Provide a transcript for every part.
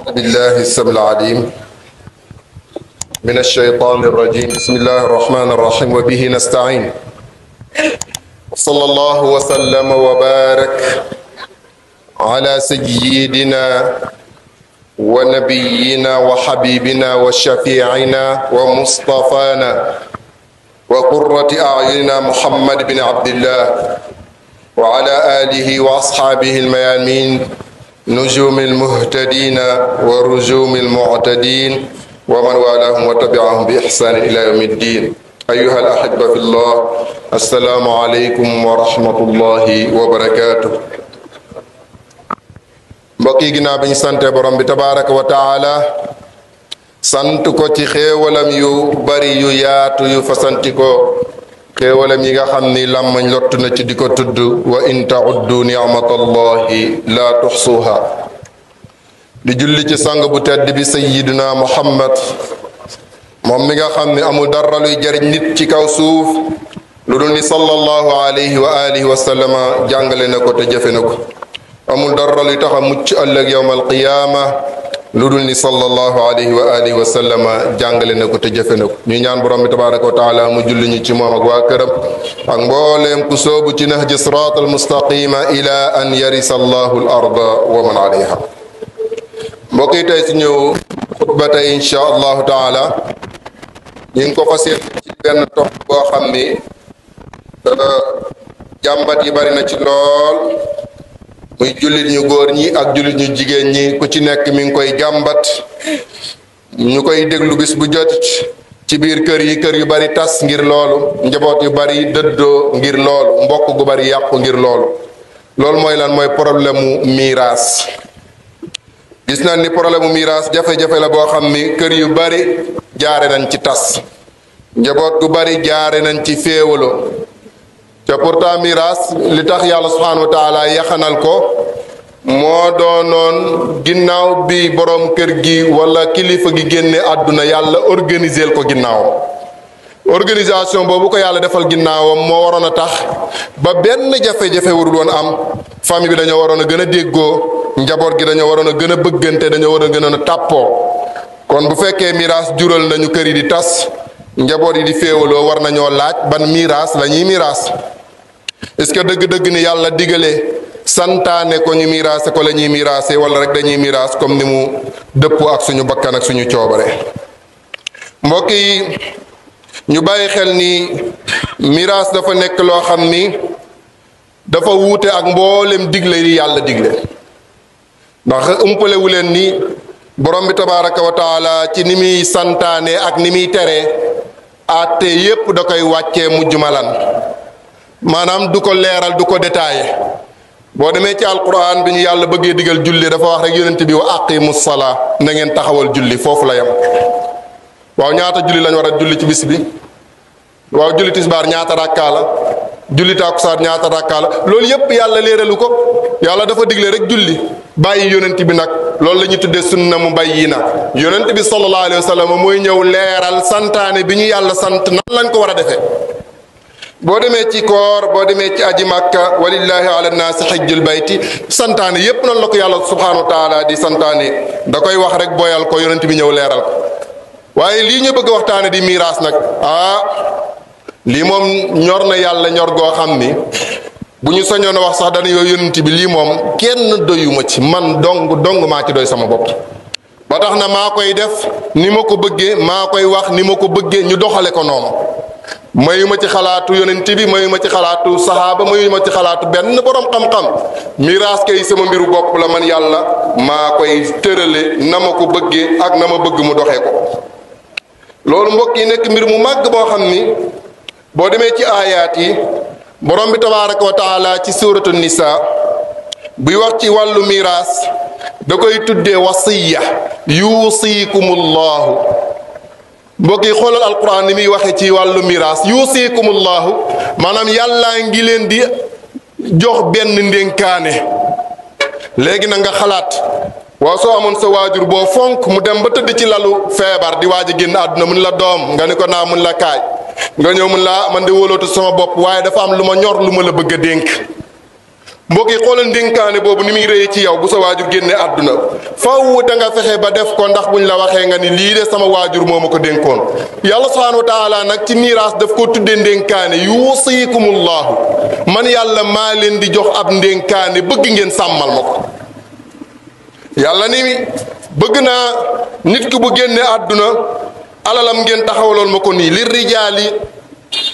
بالله السمع العليم من الشيطان الرجيم بسم الله الرحمن الرحيم وبه نستعين صلى الله وسلم وبارك على سيدنا ونبينا وحبيبنا وشفيعنا ومصطفانا وقرة أعيننا محمد بن عبد الله وعلى آله وأصحابه الميامين نجوم المهتدين ورجوم المعتدين ومن والاهم وتبعهم بإحسان إلى يوم الدين أيها الأحبة في الله السلام عليكم ورحمة الله وبركاته mbokk yi ginnaaw bi ñu sante borom bi tabaraka wa taala sant ko ci xéewalam yu bari yu yaatu yu fasanti ko xéewalam yi nga xam ni làmmañ lott na ci di ko tudd wa in tauddu nicmatallahi laa tuxsuha di julli ci sang bu tedd bi sayiduna muhammad moom mi nga xam ni amul dara jariñ nit ci kaw suuf lu dul ni sallallahu alayhi wa alihi wa sallama jàngale na ko te jëfe na ko amul dara tax a mucc ëllëg yowma alqiyaama lu dul ni sallallahu alayhi wa alihi wa na ko te jëfe na ko ñu ñaan borom bi tabaraka wa taala mu julli ñu ci moom ak waa këram ak mbooleem ku soobu ci nahji sirat al mustaqima ila an yarisa allahu al wa man alayha mbokk yi tey su ñëw xutba tey allahu taala ñu ko fas ci benn tox boo xam ni euh, jàmbat yi bari na ci lool muy jullit ñu góor ñi ak jullit ñu jigéen ñi ku ci nekk mi ngi koy jàmbat ñu koy déglu bis bu jot ci biir kër yi kër yu bari tas ngir loolu njaboot yu bari dëddoo ngir loolu mbokk gu bari yàqu ngir loolu loolu mooy lan mooy problème mu miiraas gis naa ni problème mu miraas jafe-jafe la boo xam ni kër yu bari jaare nañ ci tas njaboot gu bari jaare nañ ci féewaloo te pourtant miraas li tax yàlla subhanahu wa taala yaxanal ko moo doonoon ginnaaw bi boroom kër gi walla kilifa gi génne àdduna yàlla organiser ko ginnaawam organisation boobu ko yàlla defal ginnaawam moo waroon a tax ba benn jafe-jafe warul woon am famille bi dañoo waroon a gën a déggoo njaboot gi dañoo waroon a gën a bëggante dañoo waroon a gën a tàppoo kon bu fekkee miraas jural nañu kër yi di tas njaboot yi di féewaloo war nañoo laaj ban miraas la ñuy miraas est que dëgg-dëgg ni yàlla digalee santaane ko ñu miraase ko la ñuy miraase wala rek dañuy miraas comme ni mu dëppoo ak suñu bakkan ak suñu coobare mbokk yi ñu bàyyi xel ni miraas dafa nekk loo xam ni dafa wuute ak mboolem digle yi yàlla digle ndax ëmpalewu leen nii borom bi tabaraka wa ci ni muy santaane ak ni muy teree àtte yépp da koy wàccee mujj malan maanaam du ko leeral du ko détaillé boo demee ci alquran bi ñu yàlla bëggee digal julli dafa wax rek yonent bi wa aqimu salaa na ngeen taxawal julli foofu la yem waaw ñaata julli lañ war a julli ci bis bi waaw julli tisbaar ñaata rakkaa la julli taakusaar ñaata rakkaa loolu yépp yàlla leeralu ko yàlla dafa digle rek julli bàyyi yonent bi nag loolu la ñu tuddee sunna mu na yonent bi sallallahu alayhi wa sallam mooy ñëw leeral santaane bi ñu yàlla sant nan lañ ko war a defee boo demee ci koor boo demee ci aji màkka walillahi ala naasi xajjul bayti santaane yépp noonu la ko yàlla subhanahu wa taala di santaane da koy wax rek boyal ko yonent bi ñëw leeral ko waaye lii ñu bëgg waxtaane di miiraas nag ah lii moom ñor na yàlla ñor goo xam ni bu ñu sañoon a wax sax dana yooyu yonent bi lii moom kenn doyuma ci man dong dong maa ci doy sama bopp ba tax na maa koy def ni ma ko bëggee maa koy wax ni ma ko bëggee ñu doxale ko noonu mayuma ci xalaatu yonent bi mayuma ci xalaatu saxaaba mayuma ci xalaatu benn borom xam-xam miraas kay sama mbiru bopp la man yàlla maa koy tërale na ma ko bëggee ak na ma bëgg mu doxee ko loolu mbokk yi nekk mbir mu màgg boo xam ni boo demee ci aayaat yi borom bi tabaaraka wa taala ci suuratu nisaa buy wax ci wàllu miraas da koy tuddee wasiya yuusikumullahu mbokk yi xoolal alquran ni muy waxe ci wàllu miraas yuusikumullahu maanaam yàlla ngi leen di jox benn ndénkaane léegi na nga xalaat waa soo amoon sa waajur boo fonk mu dem ba tëdd ci lalu feebar di waa ja génn àdduna mun la doom nga ne ko naa mun la kaay nga ñëw mun laa man de wóolootu sama bopp waaye dafa am lu ma ñor lu ma la bëgg a dénk mbokk yi xoolal ndénkaane boobu ni muy rëy ci yow bu sa waajur génne àdduna faaw danga fexe ba def ko ndax ñu la waxee nga ni lii de sama waajur moo ma ko dénkoon yàlla subhaanahu wa taala nag ci niiraas daf ko tuddee ndénkaane yuusikumullahu man yàlla maa leen di jox ab ndénkaane bëgg ngeen sàmmal ma ko yàlla ni bëgg naa nit ki bu génne àdduna alalam ngeen taxawaloon ma ko nii li rijaali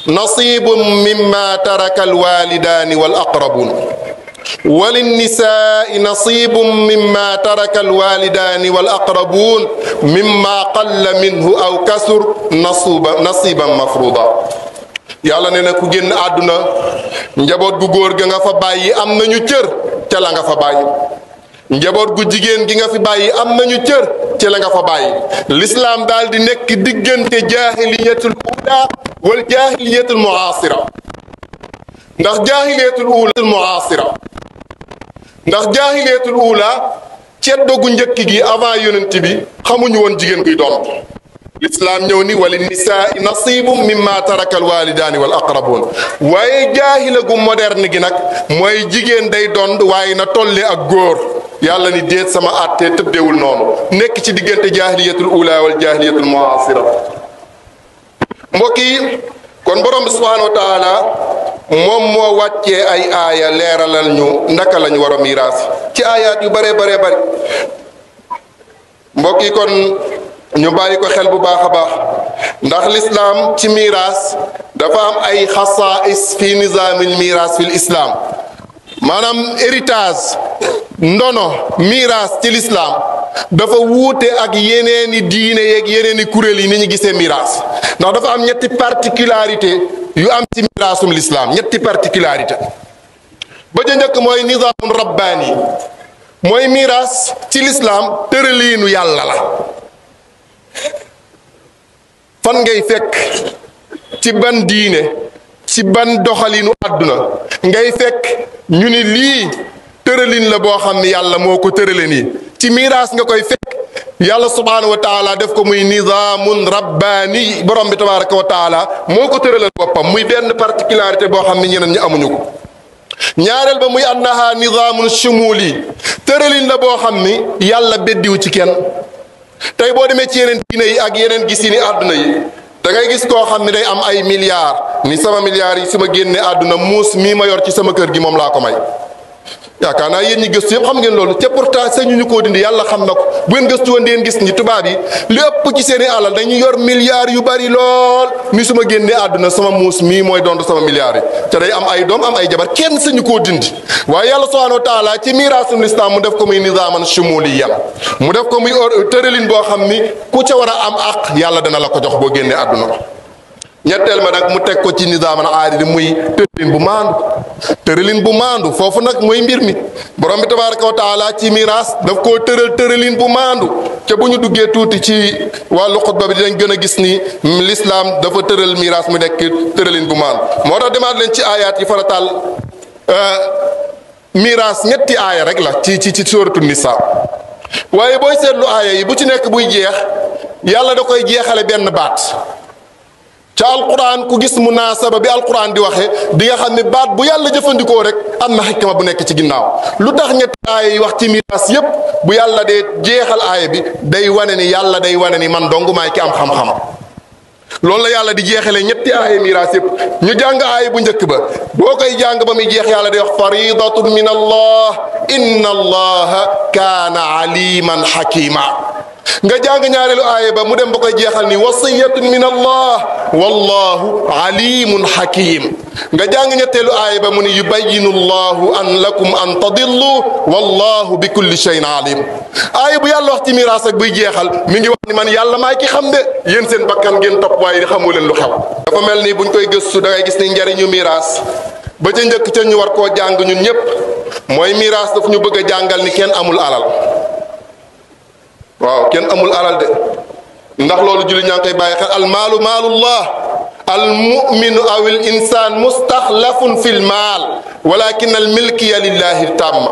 nasibum mimma taraka alwalidaani wal aqrabuun walinnisaai nasibum mimma taraka alwalidaani wal aqrabuun mimma qalla minhu aw kasur nasuba nasiban mafruda yàlla na ku génn àdduna njaboot gu góor ga nga fa bàyyi am nañu cër ca la nga fa bàyyi njaboot gu jigéen gi nga fi bàyyi am nañu cër ci la nga fa bàyyi lislaam daal di nekk diggante jaahiliyatul ula wal jaahiliyatul muasira ndax jaahiliyatul ula ndax jaahiliyatul ula ceddo gu njëkk gi avant yonent bi xamuñu woon jigéen guy doom lislaam ñëw ni wali nisaai nasibu mimma taraka alwalidaani wal aqrabuun waaye jaahila gu moderne gi nag mooy jigéen day dond waaye na tolle ak góor yàlla ni déet sama àttee tëddeewul noonu nekk ci diggante jaahiliyatul ula wal jaahiliyatul muasira mbokk yi kon borom bi subhaanahu taala moom moo wàccee ay aaya leeralal ñu ndaka lañu war a ci aayaat yu bare bare bari mbokk yi kon ñu bàyyi ko xel bu baax a baax ndax lislaam ci miraas dafa am ay xasaais fi nizaamil miraas fil islaam maanaam héritage ndono miraas ci lislaam dafa wuute ak yeneeni diine yeeg yeneeni kuréel yi ni ñu gisee miraas ndax dafa am ñetti particularité yu am ci miraasum lislaam ñetti particularité ba ca njëkk mooy nizaamum rabbaani mooy miraas ci lislaam tëraliinu yàlla la fan ngay fekk ci ban diine ci ban doxaliinu àdduna ngay fekk ñu ni lii tëralin la boo xam ni yàlla moo ko tërale nii ci miiraas nga koy fekk yàlla subhaanahu wa taala def ko muy nizaamun rabbaani borom bi tabaraka wa taala moo ko tëralal boppam muy benn particularité boo xam ni ñeneen ñu amuñu ko ñaareel ba muy annaha nizaamun shumuli tëralin la boo xam ni yàlla beddiw ci kenn tey boo demee ci yeneen diine yi ak yeneen gis yi ni àdduna yi da ngay gis koo xam ni day am ay milliards ni sama milliards yi su ma génnee àdduna muus mii ma yor ci sama kër gi moom laa ko may yaakaar naa yéen ñi gëstu yëpp xam ngeen loolu te pourtant sañu ñu koo dindi yàlla xam na ko bu ngeen gëstu woon deen gis ni tubaab yi li ëpp ci seen alal dañuy yor milliards yu bari lool mi su ma génnee àdduna sama muus mii mooy donte sama milliards yi te day am ay doom am ay jabar kenn sañu koo dindi waaye yàlla subhanahu wa taala ci miraasul islam mu def ko muy nizaaman shumuliyan mu def ko muy tëralin boo xam ni ku ca war a am àq yàlla dana la ko jox boo génnee àdduna ko ñetteel ma nag mu teg ko ci nizaaman aaridi muy tëralin bu maandu tëralin bu maandu foofu nag mooy mbir mi borom bi tabaraka wa taala ci miraas daf koo tëral tëralin bu maandu ca bu ñu duggee tuuti ci wàllu xutba bi dinañ gën a gis ni lislaam dafa tëral miraas mu nekk tëralin bu maandu moo tax demaat leen ci aayaat yi farataal euh, miraas ñetti aaya rek la ci ci ci sóoratu nisa waaye booy seetlu aaya yi bu ci nekk buy jeex yàlla da koy jeexale benn baat ca alquran ku gis munaasaba bi alquran di waxee di nga xam ne baat bu yàlla jëfandikoo rek am na xikma bu nekk ci ginnaaw lu tax ñetti aaya yi wax ci miraas yépp bu yàlla dee jeexal aaya bi day wane ni yàlla day wane ni man dong maay ki am xam-xam loolu la yàlla di jeexalee ñetti aaya miraas yépp ñu jàng aaya bu njëkk ba boo koy jàng ba muy jeex yàlla day wax faridatun min allah inna allaha kaana aliman hakima nga jàng ñaareelu aaya ba mu dem ba koy jeexal ni wasiyatun min allah wallahu alimun hakim nga jàng ñetteelu aaya ba mu ni yubayinu llahu an lakum bi kulli shayin bu yàlla ci miraas buy jeexal mi ngi wax ni man yàlla maay ki xam de yéen seen bakkan ngeen topp waaye di xamu leen lu xew dafa mel ni bu buñ koy gëstu da gis ni njariñu miraas ba ca njëkk ca ñu war koo jàng ñun ñépp mooy miraas daf ñu bëgg a jàngal ni kenn amul alal waaw kenn amul alal de ndax loolu julli ñaa ngi koy bàyyi xel al maalu maalullah al muminu aw al insaan mustaxlafun fi l maal walakin al tàmma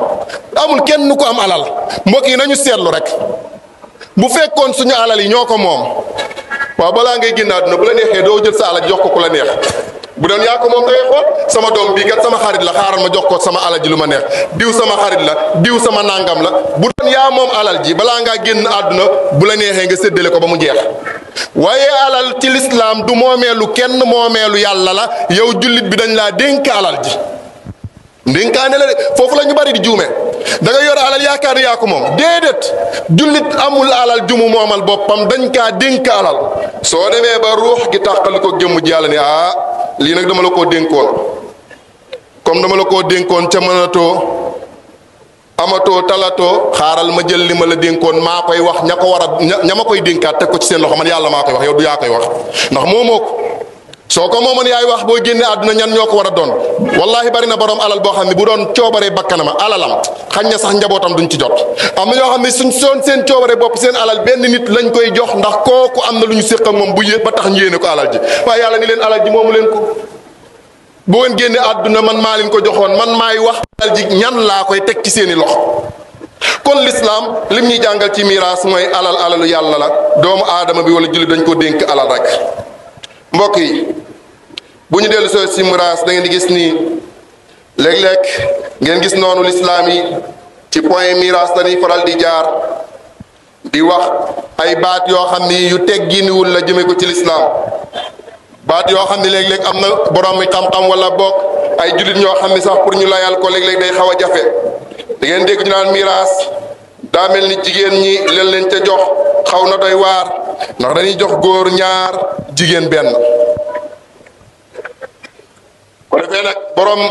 amul kenn nu ko am alal mbokk yi nañu seetlu rek bu fekkoon suñu alal yi ñoo ko moom waaw balaa ngay génn àdduna bu la neexee doo jël sa alal jox ko ku la neex bu doon yaa ko moom dangay xool sama doom bii kat sama xarit la xaaral ma jox ko sama alal ji lu ma neex diw sama xarit la diw sama nàngam la bu doon yaa moom alal ji balaa ngaa génn àdduna bu la neexee nga séddale ko ba mu jeex waaye alal ci lislaam du moomeelu kenn moomeelu yàlla la yow jullit bi dañ laa dénk alal ji ndénkaane la de foofu lañu bari di juume da nga yor alal yaakaar ne yaa ko moom déedéet jullit amul alal jumu moomal boppam dañ kaa dénk alal soo demee ba ruux ko jëmm ji ah lii nag dama la koo dénkoon comme dama la koo dénkoon ca mënatoo amatoo talatoo xaaral ma jël li ma la dénkoon maa koy wax ña ko war a ña ma koy dénkaat teg ko ci seen loxo man yàlla maa koy wax yow du yaa koy wax ndax moo soo ko moomoon yaay wax boo génnee àdduna ñan ñoo ko war a doon wallahi bari na borom alal boo xam ne bu doon coobaree bakkanama alalam xañ na sax njabootam duñ ci jot am na ñoo xam ne suñ soon seen coobare bopp seen alal benn nit lañ koy jox ndax kooku am na lu ñu séq moom bu yé ba tax ñu yéene ko alal ji waaye yàlla ni leen alal ji moomu leen ko boo leen génnee àdduna man maa leen ko joxoon man maay wax alal ji ñan laa koy teg ci seeni loxo kon li lim ñuy jàngal ci miraas mooy alal alalu yàlla la doomu aadama bi wala julli dañ ko dénk alal rek mbokk yi bu ñu dellu soo si miraas da ngeen di gis nii léeg-léeg ngeen gis noonu lislaam yi ci point miraas dañuy faral di jaar di wax ay baat yoo xam ni yu teg teggiiniwul la jëme ko ci lislaam baat yoo xam ni léeg-léeg am na borom mi xam-xam wala bokk ay jullit ñoo xam ni sax pour ñu layal ko léeg-léeg day xaw a jafe da dégg ñu naan miraas daa mel ni jigéen ñi leen leen ca jox xaw na doy waar ndax dañuy jox góor ñaar jigéen benn ko defee nag borom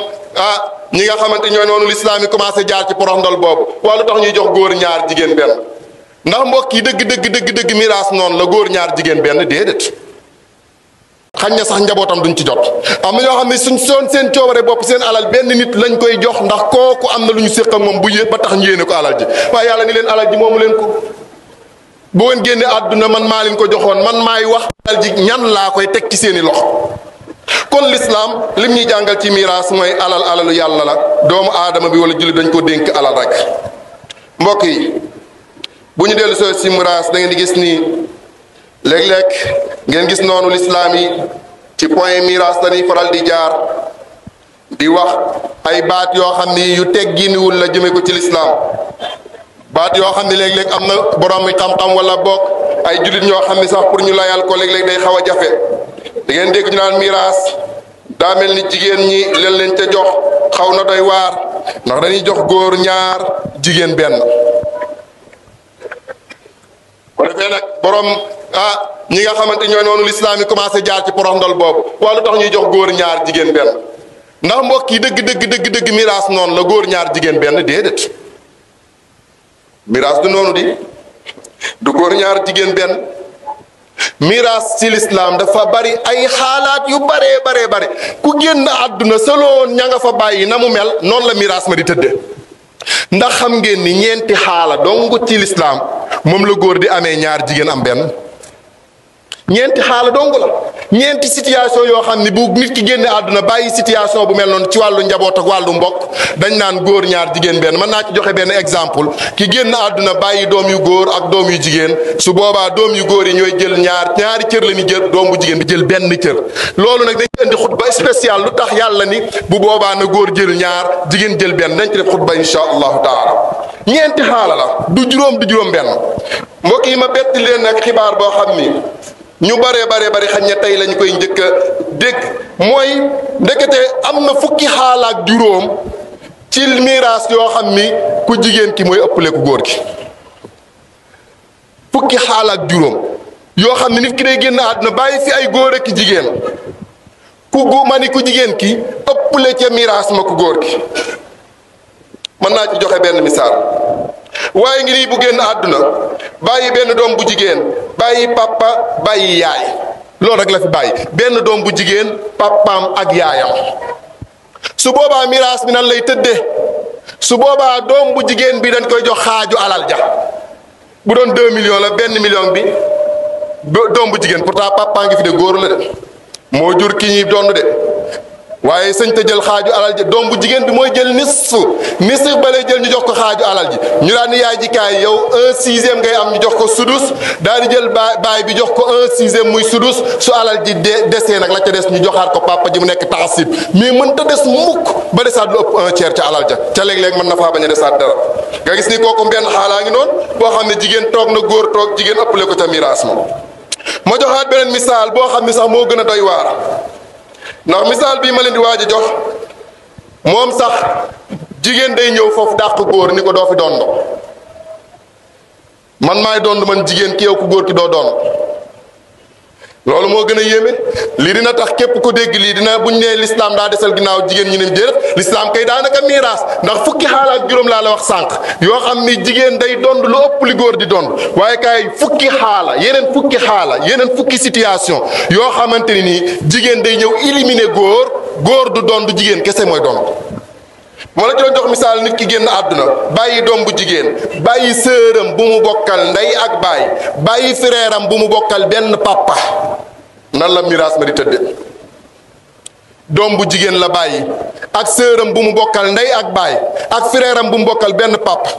ah ñi nga xamante ñooy noonu lislaam yi commencé jaar ci ndal boobu waa lu tax ñuy jox góor ñaar jigéen benn ndax mbokk yi dëgg dëgg dëgg dëgg miraas noonu la góor ñaar jigéen benn déedéet xañ na sax njabootam duñ ci jot am na ñoo xam ne suñ soon seen coobare bopp seen alal benn nit lañ koy jox ndax kooku am na lu ñu séq ak moom bu yé ba tax ñu ko alal ji waaye yàlla ni leen alal ji moomu leen ko bu ngeen génne àdduna man maa leen ko joxoon man maay wax alal ji ñan laa koy teg ci seeni loxo kon lislaam lim ñuy jàngal ci miraas mooy alal alalu yàlla la doomu aadama bi wala julli dañ ko dénk alal rek mbokk yi bu ñu dellu soo si da ngeen di gis nii léeg-léeg ngeen gis noonu lislaam yi ci point miraas la ñuy faral di jaar di wax ay baat yoo xam ni yu tegginuwul la jëme ko ci lislaam baat yoo xam ne léeg-léeg am na borom xam-xam wala bokk ay jullit ñoo xam ni sax pour ñu layal ko léeg-léeg day xaw a jafe dangeen ngeen dégg ñu naan miraas daa mel ni jigéen ñi leen leen ca jox xaw na day waar ndax dañuy jox góor ñaar jigéen benn ko defee nag boroom ah ñi nga xamante ñooy noonu lislaam yi commencé jaar ci poroxndol boobu wala lu tax ñuy jox góor ñaar jigéen benn ndax mbokk yi dëgg dëgg dëgg dëgg miraas noonu la góor ñaar jigéen benn déedéet miraas noonu di du ñaar jigéen benn miraas ci lislaam dafa bari ay xaalaat yu baree baree bare ku génn àdduna soloon ña nga fa bàyyi na mu mel noonu la miraas ma di tëdde ndax xam ngeen ni ñeenti xaala dong ci lislaam moom la góor di amee ñaar jigéen am benn ñeenti xaala dong la ñeenti situation yoo xam ne bu nit ki génne àdduna bàyyi situation bu mel noonu ci wàllu njaboot ak wàllu mbokk dañ naan góor ñaar jigéen benn mën naa ci joxe benn exemple ki génn àdduna bàyyi doom yu góor ak doom yu jigéen su boobaa doom yu góor yi ñooy jël ñaar ñaari cër la ñuy jël doom bu jigéen bi jël benn cër loolu nag dañ indi xutba spécial lu tax yàlla ni bu boobaa na góor jël ñaar jigéen jël benn dañ ci def xutba insha allahu ñeenti xaala la du juróom du juróom benn mbokk yi ma bett leen nag xibaar boo xam ni ñu bare bare bari xañ na tey lañu koy njëkk a mooy ndekete am na fukki xaala juróom ci miraas yoo xam ni ku jigéen ki mooy ëppale ku góor gi fukki xaalaat juróom yoo xam ni nit ki day génn àdduna bàyyi fi ay góor ak jigéen ku gu ma ni ku jigéen ki ëppale ca miraas ma ku góor gi mën naa ci joxe benn misaal waaye ngi nii bu génn àdduna bàyyi benn doom bu jigéen bàyyi papa bàyyi yaay loolu rek la fi bàyyi benn doom bu jigéen papaam ak yaayam su boobaa miraas bi nan lay tëddee su boobaa doom bu jigéen bi dañ koy jox xaaju alal ja bu doon 2 millions la benn million bi doom bu jigéen pourtant papa ngi fi de góor la de moo jur ki ñuy donn de. waaye sëñ jël xaaju alal ji doom bu jigéen bi mooy jël nisf nisf ba lay jël ñu jox ko xaaju alal ji ñu daan yaay ji kaay yow un sixième ngay am ñu jox ko sudus daal di jël baay baay bi jox ko un sixième muy sudus su alal ji de desee nag la ca des ñu joxaat ko papa ji mu nekk taxasib mais mën ta des mukk ba desaat lu ëpp un tiers ca alal ja ca léeg-léeg mën na faa bañ a desaat dara nga gis ni kooku benn xaalaa ngi noon boo xam ne jigéen toog na góor toog jigéen ëppale ko ca miraas ma ma joxaat beneen misaal boo xam ne sax moo gën a doy waar ndax misaal bii ma leen di waaj a jox moom sax jigéen day ñëw foofu dàq góor ni ko doo fi doon man maay doon man jigéen ki yow ku góor ki doo doon. loolu moo gën a yéeme lii dina tax képp ku dégg lii dina buñ nee lislaam daa desal ginnaaw jigéen ñi ne déedéet lislaam kay daanaka miiraas ndax fukki xaalaat juróom laa la wax sànq yoo xam ni jigéen day dond lu ëpp li góor di dond waaye kaay fukki xaala yeneen fukki xaala yeneen fukki situation yoo xamante ni jigéen day ñëw éliminer góor góor du dond jigéen kese mooy dond moo la ci doon jox misaal nit ki génn àdduna bàyyi doom bu jigéen bàyyi sëram bu mu bokkal ndey ak baay bàyyi frère bu mu bokkal benn papa nan la miraas ma di tëdde doom bu jigéen la bàyyi ak sëram bu mu bokkal ndey ak baay ak frère bu mu bokkal benn papa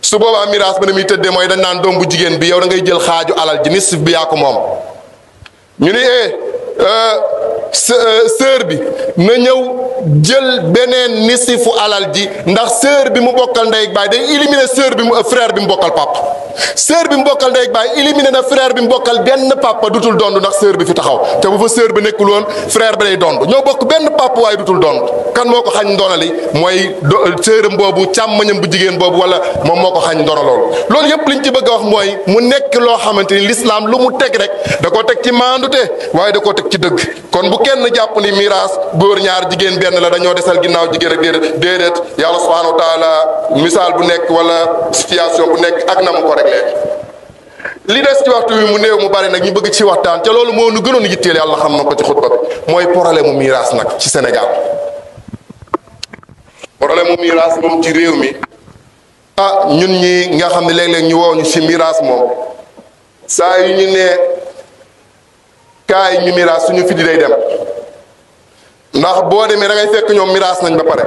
su boobaa miraas ma ne muy tëddee mooy dañ naan doom bu jigéen bi yow da ngay jël xaaju alal ji nisf bi yaa ko moom ñu ni eh, euh, Euh, sœur bi na ñëw jël beneen nisifu alal ji ndax sœur bi mu bokkal ndey ak baay day éliminer sœur bi mu euh, frère bi mu bokkal papa sœur bi mu bokkal ndey ak baay éliminer na frère bi mu bokkal benn papa dutul dond ndax sœur bi fi taxaw te bu fa sœur bi nekkul woon frère bi day dond ñoo bokk benn papa waaye dutul dond kan moo ko xañ ndonali mooy euh, sœuram boobu càmmañam bu jigéen boobu wala moom moo ko xañ ndono loolu loolu li liñ ci bëgg a wax mooy mu nekk loo xamante ni l'islam lu mu teg rek da koo teg ci maandute waaye da koo teg ci dëgg kenn jàpp ni miraas góor ñaar jigéen benn la dañoo desal ginnaaw jigéen ak déedéet déedéet yàlla subhanahu wa taala misaal bu nekk wala situation bu nekk ak na mu ko réglé li des ci waxtu wi mu néew mu bari nag ñu bëgg ci waxtaan ca loolu moo nu gënoon yitteel yàlla xam na ko ci xutba bi mooy problème mu miraas nag ci Sénégal problème mu miraas moom ci réew mi ah ñun ñi nga xam ne léeg-léeg ñu woo ñu ci miraas moom saa yu ñu nee kaay ñu miraas suñu fi di lay dem ndax boo demee da ngay fekk ñoom miraas nañ ba pare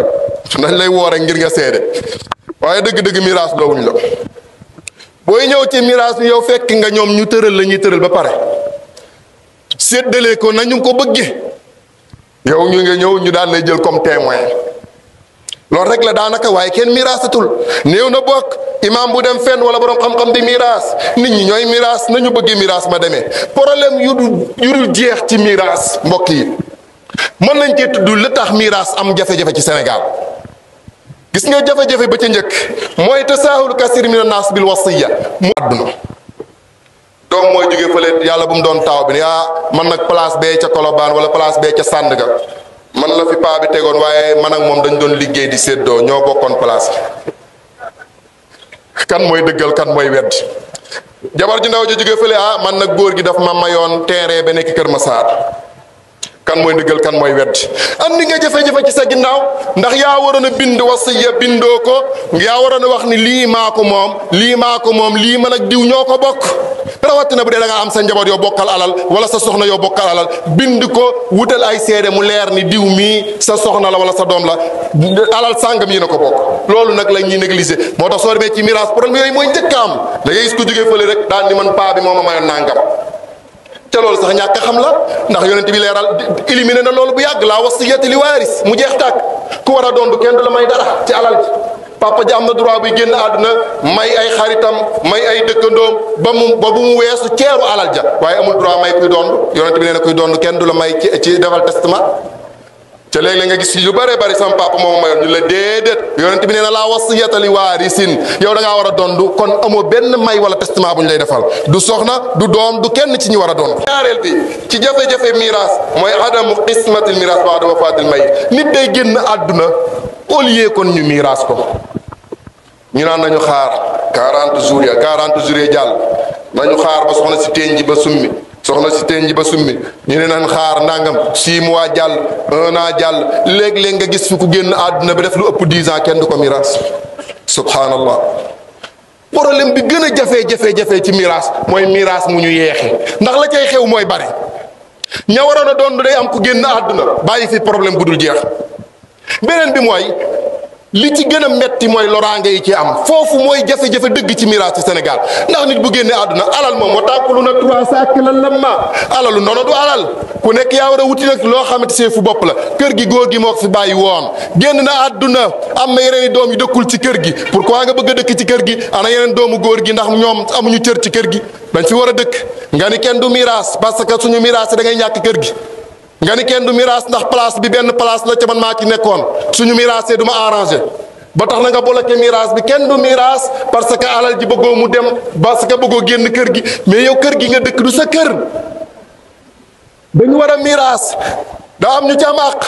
nañ lay woor rek ngir nga seede waaye dëgg-dëgg miraas loowuñ la booy ñëw ci miraas bi yow fekk nga ñoom ñu tëral la ñuy tëral ba pare séddale ko nañu ko bëggee yow ñu nga ñëw ñu daal lay jël comme témoin loolu rek la daanaka waaye kenn miraasatul néew na bokk imaam bu dem fenn wala borom xam-xam di miraas nit ñi ñooy miraas nañu bëggee miraas ma demee problème yu dul yu jeex ci miraas mbokk yi mën nañ cee tudd li tax miraas am jafe-jafe ci Sénégal gis nga jafe-jafe ba ca njëkk mooy tasaahul kasir mina naas bil wasiya mu àdduna doom mooy jóge fële yàlla bu mu doon taaw bi ne ah man nag place bee ca Colobane wala place bee ca Sandaga man la fi paa bi tegoon waaye man ak moom dañ doon liggéey di séddoo ñoo bokkoon place kan mooy dëggal kan mooy wedd jabar ju ndaw ju jóge fële ah man nag góor gi dafa ma mayoon terrain ba nekk Kër Massar kan mooy dëggal kan mooy wedd andi nga jafe-jafe ci sa ginnaaw ndax yaa waroon a bind wasiya bindoo ko yaa waroon a wax ni lii maa ko moom lii maa ko moom lii man ak diw ñoo ko bokk rawatina bu dee da am sa njaboot yoo bokkal alal wala sa soxna yoo bokkal alal bind ko wutal ay seede mu leer ni diw mii sa soxna la wala sa doom la alal sàngam yi na ko bokk loolu nag la ñuy négliger moo tax soo demee ci miraas problème yooyu mooy njëkk a am da ngay gis ko jógee fële rek daal ni man paa bi moo ma mayoon nangam te loolu sax ñàkk xam la ndax yonent bi leeral éliminé na loolu bu yàgg laa wasiyati li waaris mu jeex tàkk ku war a doon du kenn du la may dara ci alal ji papa ji am na droit buy génn àdduna may ay xaritam may ay dëkkandoom ba mu ba bu mu weesu ceeru alal ja waaye amul droit may kuy doon yonent bi nee na kuy doon kenn du la may ci ci defal ma ce léeg-léeg nga gis lu bëree bëri sama papa moom mayoon ñu la déedéet yonent bi nee na laa waar yi waarisin yow da ngaa war a dondu kon amoo benn may wala testament bu ñu lay defal du soxna du doom du kenn ci ñu war a doon ñaareel bi ci jafe-jafe miraas mooy adamu qismatil miraas ba'da wafaatil mayit nit day génn àdduna au lieu kon ñu miraas ko ñu naan nañu xaar 40 jours ya 40 jours ya jàll nañu xaar ba soxna si teen ji ba summi soxna si teen ji ba summi ñu ne naan xaar nangam six mois jàll naa jàll léegi léeg nga gis fi ku génn àdduna bi def lu ëpp dix ans kenn du ko miraas subhanallah problème bi gën a jafe-jafe-jafe ci miraas mooy miraas mu ñu yeexe ndax la cay xew mooy bare ña waroon a doon day am ku génn àdduna bàyyi fi problème bu dul jeex beneen bi mooy li ci gën a metti mooy loraange yi ci am foofu mooy jafe-jafe dëgg ci miraas ci Sénégal ndax nit bu génnee àdduna alal moom moo tàkkulu na trois sacs lan la ma alalu noonu du alal ku nekk yaa war a wuti nag loo xamante see fu bopp la kër gi góor gi moo ko fi bàyyi woon génn na àdduna am na yeneen doom yi dëkkul ci kër gi pour ko pourquoi nga bëgg a dëkk ci kër gi ana yeneen doomu góor gi ndax ñoom amuñu cër ci kër gi dañ fi war a dëkk nga ni kenn du miraas parce que suñu miraas da ngay kër gi. nga ni kenn du miraas ndax place bi benn place la ca man maa ci nekkoon suñu miraasee du ma arrangé ba tax na nga bloqué miraas bi kenn du miraas parce que alal ji bëggoo mu dem parce que bëggoo génn kër gi mais yow kër gi nga dëkk du sa kër dañu war a miraas daa am ñu ci am àq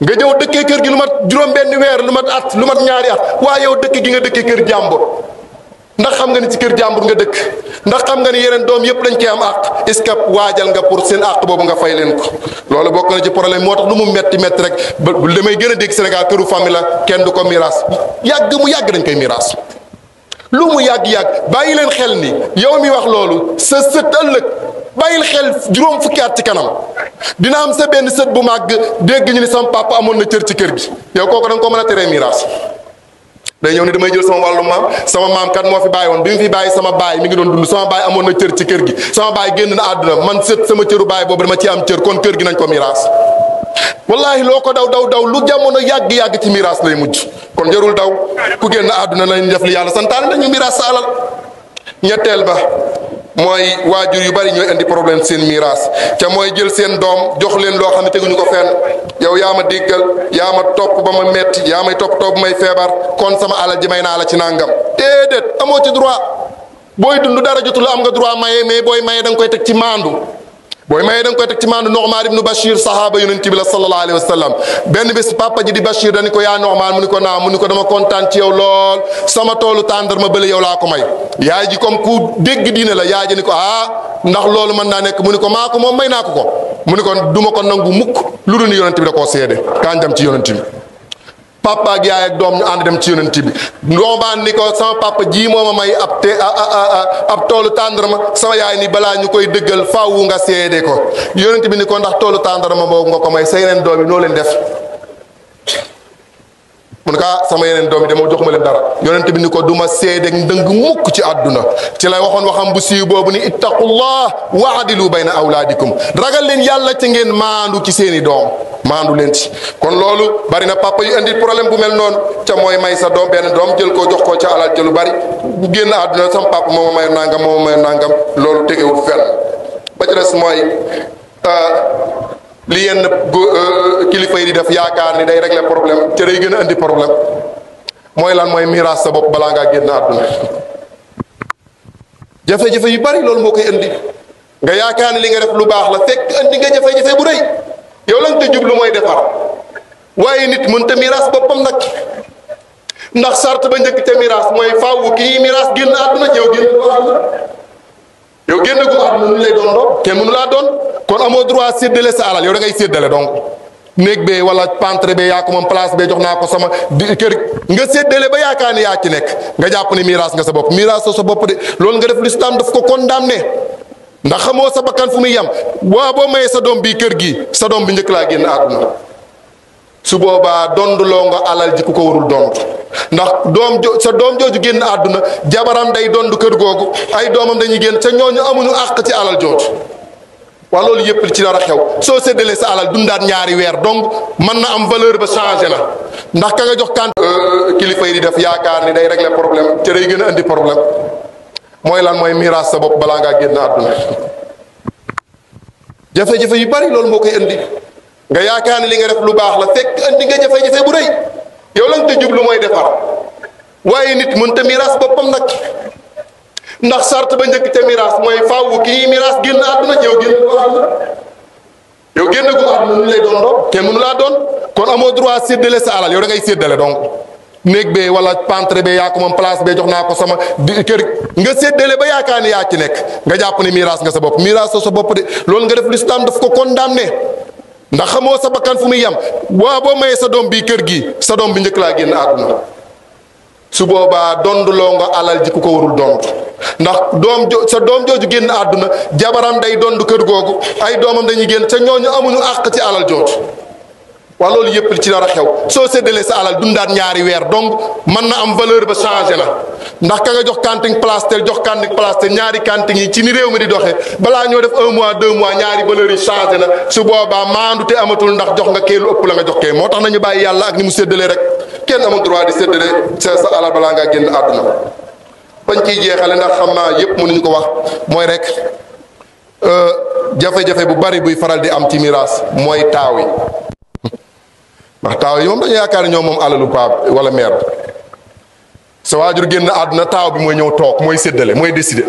nga ñëw dëkkee kër gi lu mat juróom benn weer lu mat at lu mat ñaari at waaye yow dëkk gi nga dëkkee kër jàmbur ndax xam nga ni ci kër jàmbur nga dëkk ndax xam nga ni yeneen doom yëpp dañ cee am àq est-ce que waajal nga pour seen àq boobu nga fay leen ko loolu bokk na ci problème moo tax lu mu metti metti rek ba li may gën a dégg Sénégal këru famille la kenn du ko miraas yàgg mu yàgg dañ koy miraas lu mu yàgg-yàgg bàyyi leen xel ni yow mi wax loolu sa sët ëllëg bàyyil xel juróom fukki at ci kanam dina am sa benn sët bu màgg dégg ñu ni sama amoon na cër ci kër gi yow kooku da nga ko mën a teree day ñëw ne damay jël sama wàllu maam sama maam kat moo fi bàyyi woon bi mu fi bàyyi sama baay mi ngi doon dund sama baay amoon na cër ci kër gi sama baay génn na àdduna man sët sama cëru baay boobu dama ci am cër kon kër gi nañ ko miraas wallahi loo ko daw daw daw lu jamono yàgg-yàgg ci miraas lay mujj kon jarul daw ku génn àdduna nañ def li yàlla santaane dañu miraas sa alal ñetteel ba mooy waajur yu bari ñooy indi problème seen miiras ca mooy jël seen doom jox leen loo xam ne teguñu ko fenn yow yaa ma diggal yaa ma topp ba ma metti yaa may topp topp may feebar kon sama alal ji may naa la ci nangam déedéet amoo ci droit booy dund dara jotul am nga droit maye mais booy maye danga koy teg ci maandu. booy may da nga koy teg ci maandu Nu'maan ibnu Bachir sahaaba yonent bi la sallallahu alayhi wa sallam benn bés papa ji di Bachir dañu ko yaa Nu'maan mu ni ko naa mu ni ko dama kontaan ci yow lool sama toolu tàndar ma bële yow laa ko may yaay ji comme ku dégg diine la yaay ji ni ko ah ndax loolu mën naa nekk mu ni ko maa ko moom may naa ko ko mu ni ko duma ma ko nangu mukk lu dul ni yonent bi da koo seede kaan dem ci yonent bi papa ak yaay ak doom ñu ànd dem ci yonent bi ndombaan ni ko sama papa ji moo ma may ab te ab toolu tàndarma sama yaay ni balaa ñu koy dëggal faawu nga seede ko yonent bi ni ko ndax toolu ma boobu nga ko may sa yeneen doom yi noo leen def mun kaa ah, sama yeneen doom yi dama jox ma leen dara yonent bi ni ko duma seede ndëng mukk ci àdduna ci lay waxoon waxam bu siiw boobu ni ittaqullah wa adilu bayna awlaadikum ragal leen yàlla ci ngeen maandu ci seeni doom andu leen ci kon loolu bari na papa yu indi problème bu mel noonu ca mooy may sa doom benn doom jël koo jox koo ca alal jëlu bari bu génn àdduna sam papa moo ma may nangam moo ma may nangam loolu tegewul fenn ba ci des mooy euh, euh, euh, di def yaakaar ni day régler problème ca day gën mooy lan mooy miraas sa bopp balaa ngaa génn àdduna jafe-jafe yu bari loolu moo koy indi nga yaakaar ni li nga def lu baax la fekk indi nga jafe-jafe bu rëy. yow lañ te jublu mooy defar waaye nit mën ta miraas boppam nag ndax sart ba njëkk ca miraas mooy faaw kii miraas génn àdduna yow génn ko àdduna yow génn ko àdduna nu lay doon doon kenn mënu laa doon kon amoo droit séddale sa alal yow da ngay séddale donc néeg bee wala pantre bee yaa ko moom place bee jox naa ko sama kër nga séddale ba yaakaar ne yaa ci nekk nga jàpp ne miraas nga sa bopp miraas sa sa bopp de loolu nga def l'islam daf ko condamné ndax xamoo sa bakkan fu muy yem waa boo mayee sa doom bii kër gi sa doom bi njëkk laa génn àdduna su boobaa donduloo nga alal ji ku ko warul dond ndax doom jo sa doom jooju génn àdduna jabaram day dond kër googu ay doomam dañuy génn sa ñooñu amuñu àq ci alal jooju waa loolu yëpp ci dara xew soo séddalee sa alal dundaat ñaari weer donc mën na am valeur ba changé na ndax ka nga jox kan euh, kilifa yi di def yaakaar ni day régler problème te day indi problème mooy lan mooy miraas sa bopp balaa ngaa génn àdduna jafe-jafe yu bari loolu moo koy indi nga yaakaar ne li nga def lu baax la fekk indi nga jafe-jafe bu rëy yow la nga jublu mooy defar waaye nit mënta miraas boppam nag ndax sart ba njëkk ca miraas mooy faaw ki ñuy miraas génn àdduna yow génn ko àdduna yow génn ko àdduna ñu lay doon doon kenn mënu laa doon kon amoo droit séddale sa alal yow da ngay séddale donc. néeg bee wala pantre be yaa ko moom place bee jox naa ko sama kër nga séddale ba yaakaar ne yaa ci nekk nga jàpp ne miiras nga sa bopp miiras sa sa bopp de loolu nga def lislaam daf ko condamné ndax xamoo sa bakkan fu muy yam waa boo mayee sa doom bii kër gi sa doom bi njëkk génn àdduna su boobaa donduloo nga alal ji ko warul dond ndax doom jo sa doom jooju génn àdduna jabaram day dond kër googu ay doomam dañuy génn sa ñooñu amuñu àq ci alal jooju. waa loolu yëpp li ci nar a xew soo séddalee sa alal dundaat ñaari weer donc mën na am valeur ba changé na ndax ka nga jox kanting place te jox kanting place te ñaari kanting yi ci ni réew mi di doxee balaa ñoo def un mois deux mois ñaari valeur yi changé na su boobaa maandu te amatul ndax jox nga kee lu ëpp la nga jox kee moo tax nañu bàyyi yàlla ak ni mu séddalee rek kenn amul droit di séddale sa sa alal balaa ngaa génn àdduna bañ ciy jeexale ndax xam naa yëpp mënuñu ko wax mooy rek euh, jafe bu bari buy faral di am ci miraas mooy taaw ndax taaw yi moom dañu yaakaar ñoom moom alalu paap wala meer sa waajur génn àdduna taaw bi mooy ñëw toog mooy séddale mooy décider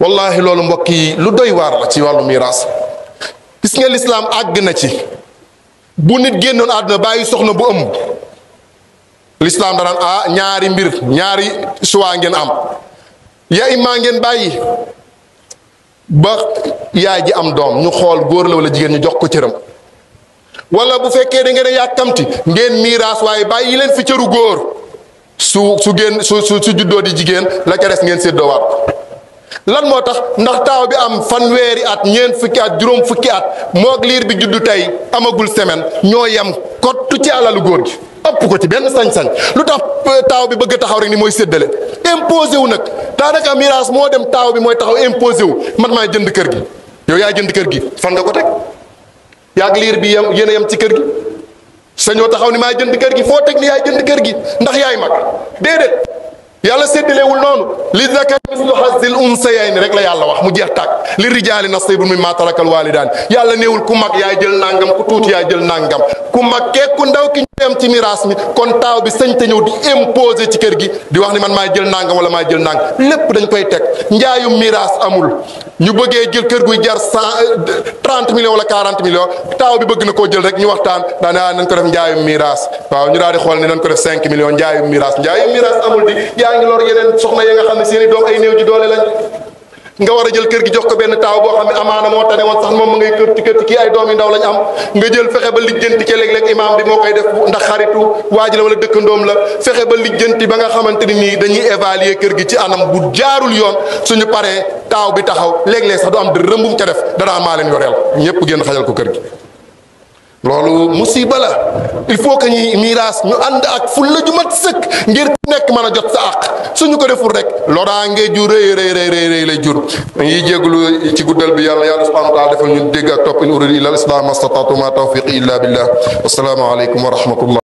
wallahi loolu mbokk yi lu doy waar la ci wàllu miiras gis nga lislaam àgg na ci bu nit génnoon àdduna bàyyi soxna bu ëmb lislaam danaan ah ñaari mbir ñaari choix ngeen am ya immaa ngeen bàyyi ba yaay ji am doom ñu xool góor la wala jigéen ñu jox ko cëram wala bu fekkee da ngeen a yàkkamti ngeen miiraas waaye bàyyi leen fi cëru góor su su génn su su juddoo di jigéen la ca des ngeen séddoowaat lan moo tax ndax taaw bi am fanweeri at ñeent fukki at juróom fukki at moog liir bi juddu tey amagul semaine ñoo yem kottu ci alalu góor gi ëpp ko ci benn sañ-sañ lu tax euh, taaw bi bëgg a taxaw rek ni mooy séddale imposé wu nag daanaka miraas moo dem taaw bi mooy taxaw imposé wu man maay jënd kër gi yow yaa jënd kër gi fan nga ko teg. yaag liir bi yam yéen a yam ci kër gi sañoo taxaw ni maa jënd kër gi foo teg ni yaay jënd kër gi ndax yaay mag déedéet yàlla séddalewul noonu li zakari mislu hazzil unsayayni rek la yàlla wax mu jeex tàkk li rijaali nasibun mimma tarakal waalidaan yàlla néewul ku mag yaay jël nangam ku tuuti yaay jël nangam ku mag kee ndaw ki ñu dem ci miraas mi kon taaw bi sañ ñëw di imposer ci kër gi di wax ni man maay jël nangam wala maay jël nangam lépp dañ koy teg njaayu miraas amul ñu bëggee jël kër guy jar cent euh, trente millions wala quarante millions taaw bi bëgg na koo jël rek ñu waxtaan daanaka nañ ko def njaayu miraas waaw ñu daal di xool ne nañ ko def cinq millions njaayu miraas njaayu miraas amul di yaa ngi lor yeneen nga xam ne seen i doom nga war a jël kër gi jox ko benn taaw boo xam ne amaana moo tane woon sax moom ma ngay kër ci kër ci kii ay doom yu ndaw lañ am nga jël fexe ba lijjanti ca léeg-léeg imaam bi moo koy def ndax xaritu waaj la wala dëkkandoom la fexe ba lijjanti ba nga xamante ni nii dañuy évaluer kër gi ci anam bu jaarul yoon suñu paree taaw bi taxaw léeg-léeg sax du am di rëmbum ca def danaa maa leen yoreel ñëpp génn xajal ko kër gi loolu musiba la il faut que ñuy miiras ñu ànd ak fu ju mat sëkk ngir nekk mën a jot sa àq suñu ko deful rek loraange ju rëy rëy rëy rëy lay jur ñuy jégalu ci guddal bi yàlla yàlla subhanahu wa taala defal ñu dégg ak topp in uridu illa al islam astatatu ma tawfiqi illa billah wassalaamu aleykum wa rahmatullah